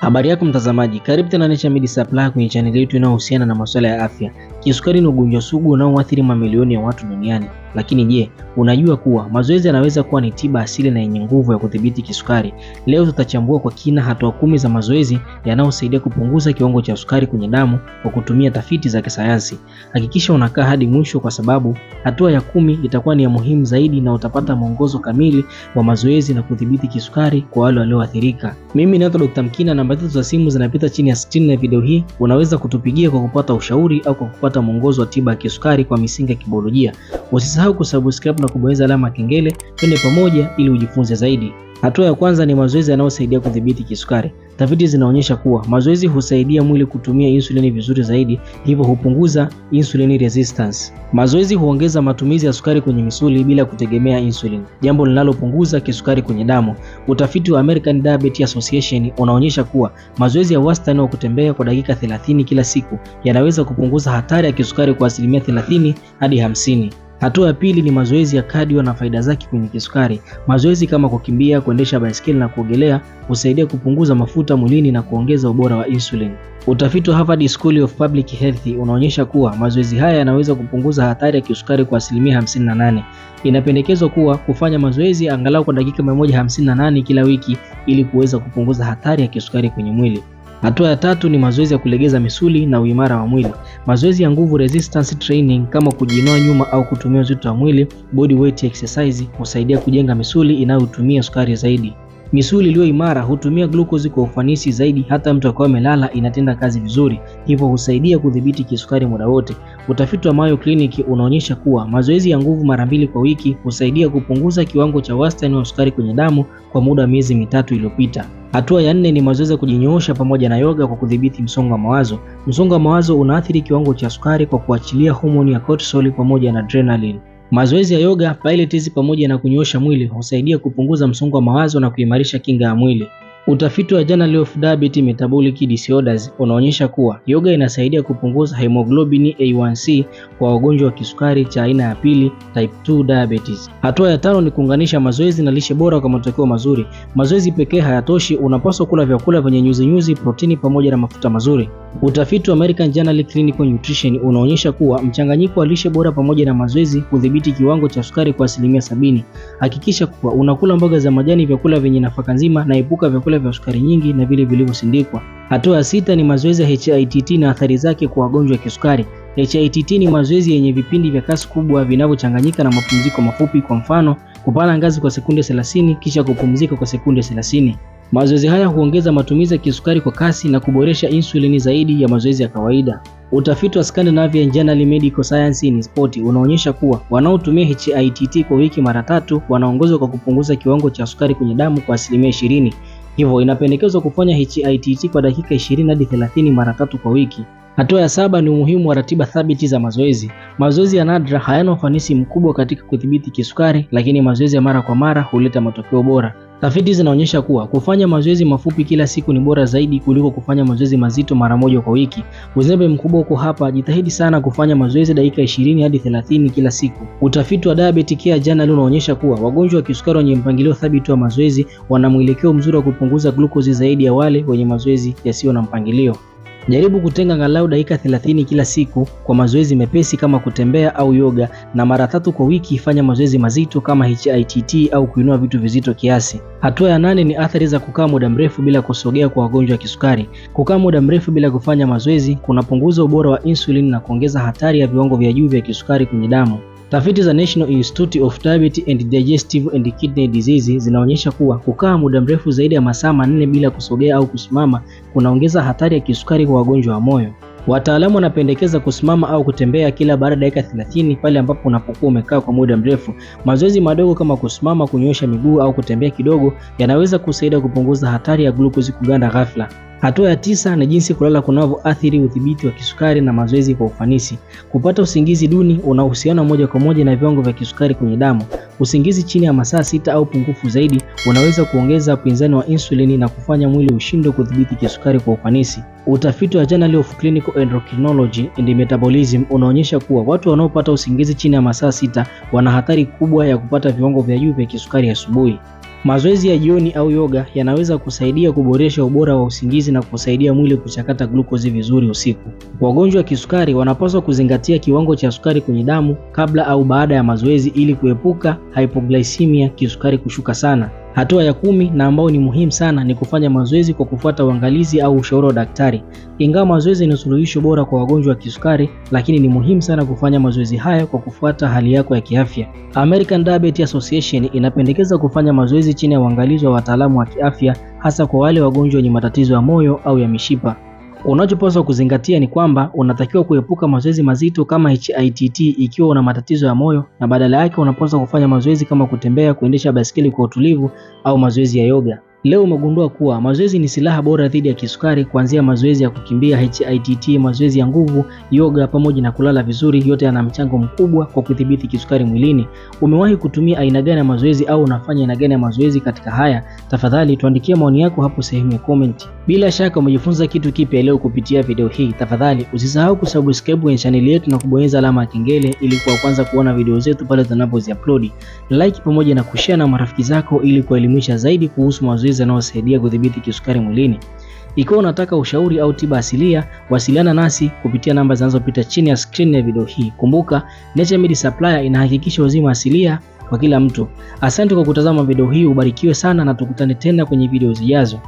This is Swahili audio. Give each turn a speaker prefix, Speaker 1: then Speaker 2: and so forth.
Speaker 1: Habari yako mtazamaji, karibu tena Naturemed midi Supply kwenye chaneli yetu inayohusiana na masuala ya afya. Kisukari ni ugonjwa sugu unaoathiri mamilioni ya watu duniani lakini je, unajua kuwa mazoezi yanaweza kuwa ni tiba asili na yenye nguvu ya kudhibiti kisukari? Leo tutachambua kwa kina hatua kumi za mazoezi yanayosaidia kupunguza kiwango cha sukari kwenye damu kwa kutumia tafiti za kisayansi. Hakikisha unakaa hadi mwisho kwa sababu hatua ya kumi itakuwa ni ya muhimu zaidi na utapata mwongozo kamili wa mazoezi na kudhibiti kisukari kwa wale walioathirika. Mimi naitwa Dr. Mkina, namba zetu za simu zinapita chini ya 60 na video hii unaweza kutupigia kwa kupata ushauri au kwa kupata mwongozo wa tiba ya kisukari kwa misingi ya kibiolojia. Usisahau kusubscribe na kubonyeza alama kengele. Twende pamoja ili ujifunze zaidi. Hatua ya kwanza ni mazoezi yanayosaidia kudhibiti kisukari. Tafiti zinaonyesha kuwa mazoezi husaidia mwili kutumia insulini vizuri zaidi, hivyo hupunguza insulini resistance. Mazoezi huongeza matumizi ya sukari kwenye misuli bila kutegemea insulin, jambo linalopunguza kisukari kwenye damu. Utafiti wa American Diabetes Association unaonyesha kuwa mazoezi ya wastani wa kutembea kwa dakika 30 kila siku yanaweza kupunguza hatari ya kisukari kwa asilimia 30 hadi 50. Hatua ya pili ni mazoezi ya cardio na faida zake kwenye kisukari. Mazoezi kama kukimbia, kuendesha baiskeli na kuogelea husaidia kupunguza mafuta mwilini na kuongeza ubora wa insulin. Utafiti wa Harvard School of Public Health unaonyesha kuwa mazoezi haya yanaweza kupunguza hatari ya kisukari kwa asilimia 58. Inapendekezwa kuwa kufanya mazoezi angalau kwa dakika 158 kila wiki ili kuweza kupunguza hatari ya kisukari kwenye mwili. Hatua ya tatu ni mazoezi ya kulegeza misuli na uimara wa mwili. Mazoezi ya nguvu resistance training kama kujinua nyuma au kutumia uzito wa mwili body weight exercise husaidia kujenga misuli inayotumia sukari zaidi. Misuli iliyo imara hutumia glukozi kwa ufanisi zaidi, hata mtu akiwa amelala inatenda kazi vizuri, hivyo husaidia kudhibiti kisukari muda wote. Utafiti wa Mayo Clinic unaonyesha kuwa mazoezi ya nguvu mara mbili kwa wiki husaidia kupunguza kiwango cha wastani wa sukari kwenye damu kwa muda wa miezi mitatu iliyopita. Hatua ya nne ni mazoezi ya kujinyoosha pamoja na yoga kwa kudhibiti msongo wa mawazo. Msongo wa mawazo unaathiri kiwango cha sukari kwa kuachilia homoni ya cortisol pamoja na adrenaline. Mazoezi ya yoga, pilates pamoja na kunyoosha mwili husaidia kupunguza msongo wa mawazo na kuimarisha kinga ya mwili. Utafiti wa Journal of Diabetes Metabolic Disorders unaonyesha kuwa yoga inasaidia kupunguza hemoglobin A1C kwa wagonjwa wa kisukari cha aina ya pili type 2 diabetes. Hatua ya tano ni kuunganisha mazoezi na lishe bora kwa matokeo mazuri. Mazoezi pekee hayatoshi, unapaswa kula vyakula vyenye nyuzinyuzi, protini pamoja na mafuta mazuri. Utafiti wa American Journal Clinical Nutrition unaonyesha kuwa mchanganyiko wa lishe bora pamoja na mazoezi hudhibiti kiwango cha sukari kwa asilimia sabini. Hakikisha kuwa unakula mboga za majani, vyakula vyenye nafaka nzima na epuka vyakula vyakula vya sukari nyingi na vile vilivyosindikwa. Hatua ya sita ni mazoezi ya HIIT na athari zake kwa wagonjwa wa kisukari. HIIT ni mazoezi yenye vipindi vya kasi kubwa vinavyochanganyika na mapumziko mafupi, kwa mfano kupanda ngazi kwa sekunde 30 kisha kupumzika kwa sekunde 30. Mazoezi haya huongeza matumizi ya kisukari kwa kasi na kuboresha insulini zaidi ya mazoezi ya kawaida. Utafiti wa Scandinavian Journal Medical Science in Sport unaonyesha kuwa wanaotumia HIIT kwa wiki mara tatu wanaongozwa kwa kupunguza kiwango cha sukari kwenye damu kwa asilimia 20 Hivyo inapendekezwa kufanya HIIT kwa dakika 20 hadi 30 mara tatu kwa wiki. Hatua ya saba ni umuhimu wa ratiba thabiti za mazoezi. Mazoezi ya nadra hayana ufanisi mkubwa katika kudhibiti kisukari, lakini mazoezi ya mara kwa mara huleta matokeo bora. Tafiti zinaonyesha kuwa kufanya mazoezi mafupi kila siku ni bora zaidi kuliko kufanya mazoezi mazito mara moja kwa wiki. Uzembe mkubwa uko hapa, jitahidi sana kufanya mazoezi dakika 20 hadi 30 kila siku. Utafiti wa Diabetes Care Journal unaonyesha kuwa wagonjwa wa kisukari wenye mpangilio thabiti wa mazoezi wana mwelekeo mzuri wa kupunguza glukozi zaidi ya wale wenye mazoezi yasiyo na mpangilio. Jaribu kutenga angalau dakika 30 kila siku kwa mazoezi mepesi kama kutembea au yoga, na mara tatu kwa wiki fanya mazoezi mazito kama HIIT au kuinua vitu vizito kiasi. Hatua ya nane ni athari za kukaa muda mrefu bila kusogea kwa wagonjwa wa kisukari. Kukaa muda mrefu bila kufanya mazoezi kunapunguza ubora wa insulin na kuongeza hatari ya viwango vya juu vya kisukari kwenye damu. Tafiti za National Institute of Diabetes and Digestive and Kidney Disease zinaonyesha kuwa kukaa muda mrefu zaidi ya masaa manne bila kusogea au kusimama kunaongeza hatari ya kisukari kwa wagonjwa wa moyo. Wataalamu wanapendekeza kusimama au kutembea kila baada ya dakika 30 pale ambapo unapokuwa umekaa kwa muda mrefu. Mazoezi madogo kama kusimama, kunyosha miguu au kutembea kidogo yanaweza kusaidia kupunguza hatari ya glukosi kuganda ghafla. Hatua ya tisa ni jinsi kulala kunavyoathiri udhibiti wa kisukari na mazoezi kwa ufanisi. Kupata usingizi duni una uhusiano moja kwa moja na viwango vya kisukari kwenye damu. Usingizi chini ya masaa sita au pungufu zaidi unaweza kuongeza upinzani wa insulini na kufanya mwili ushindwe kudhibiti kisukari kwa ufanisi. Utafiti wa Journal of Clinical Endocrinology and Metabolism unaonyesha kuwa watu wanaopata usingizi chini ya masaa sita wana hatari kubwa ya kupata viwango vya juu vya kisukari asubuhi. Mazoezi ya jioni au yoga yanaweza kusaidia kuboresha ubora wa usingizi na kusaidia mwili kuchakata glukozi vizuri usiku. Wagonjwa wa kisukari wanapaswa kuzingatia kiwango cha sukari kwenye damu kabla au baada ya mazoezi ili kuepuka hypoglycemia, kisukari kushuka sana. Hatua ya kumi na ambayo ni muhimu sana ni kufanya mazoezi kwa kufuata uangalizi au ushauri wa daktari. Ingawa mazoezi ni suluhisho bora kwa wagonjwa wa kisukari, lakini ni muhimu sana kufanya mazoezi haya kwa kufuata hali yako ya kiafya. American Diabetes Association inapendekeza kufanya mazoezi chini ya uangalizi wa wataalamu wa kiafya, hasa kwa wale wagonjwa wenye matatizo ya moyo au ya mishipa. Unachopaswa kuzingatia ni kwamba unatakiwa kuepuka mazoezi mazito kama HIIT ikiwa una matatizo ya moyo, na badala yake unapaswa kufanya mazoezi kama kutembea, kuendesha baiskeli kwa utulivu au mazoezi ya yoga. Leo umegundua kuwa mazoezi ni silaha bora dhidi ya kisukari, kuanzia mazoezi ya kukimbia HIIT, mazoezi ya nguvu, yoga pamoja na kulala vizuri, yote yana mchango mkubwa kwa kudhibiti kisukari mwilini. Umewahi kutumia aina gani ya mazoezi au unafanya aina gani ya mazoezi katika haya? Tafadhali tuandikie maoni yako hapo sehemu ya comment. Bila shaka umejifunza kitu kipya leo kupitia video hii. Tafadhali usisahau kusubscribe kwenye channel yetu na kubonyeza alama ya kengele ili kuwa kwanza kuona video zetu pale tunapoziupload. Like pamoja na kushare na marafiki zako ili kuelimisha zaidi kuhusu mazoezi mazoezi yanayosaidia kudhibiti kisukari mwilini. Ikiwa unataka ushauri au tiba asilia, wasiliana nasi kupitia namba zinazopita chini ya skrini ya video hii. Kumbuka, Naturemed Supplier inahakikisha uzima asilia kwa kila mtu. Asante kwa kutazama video hii, ubarikiwe sana na tukutane tena kwenye video zijazo.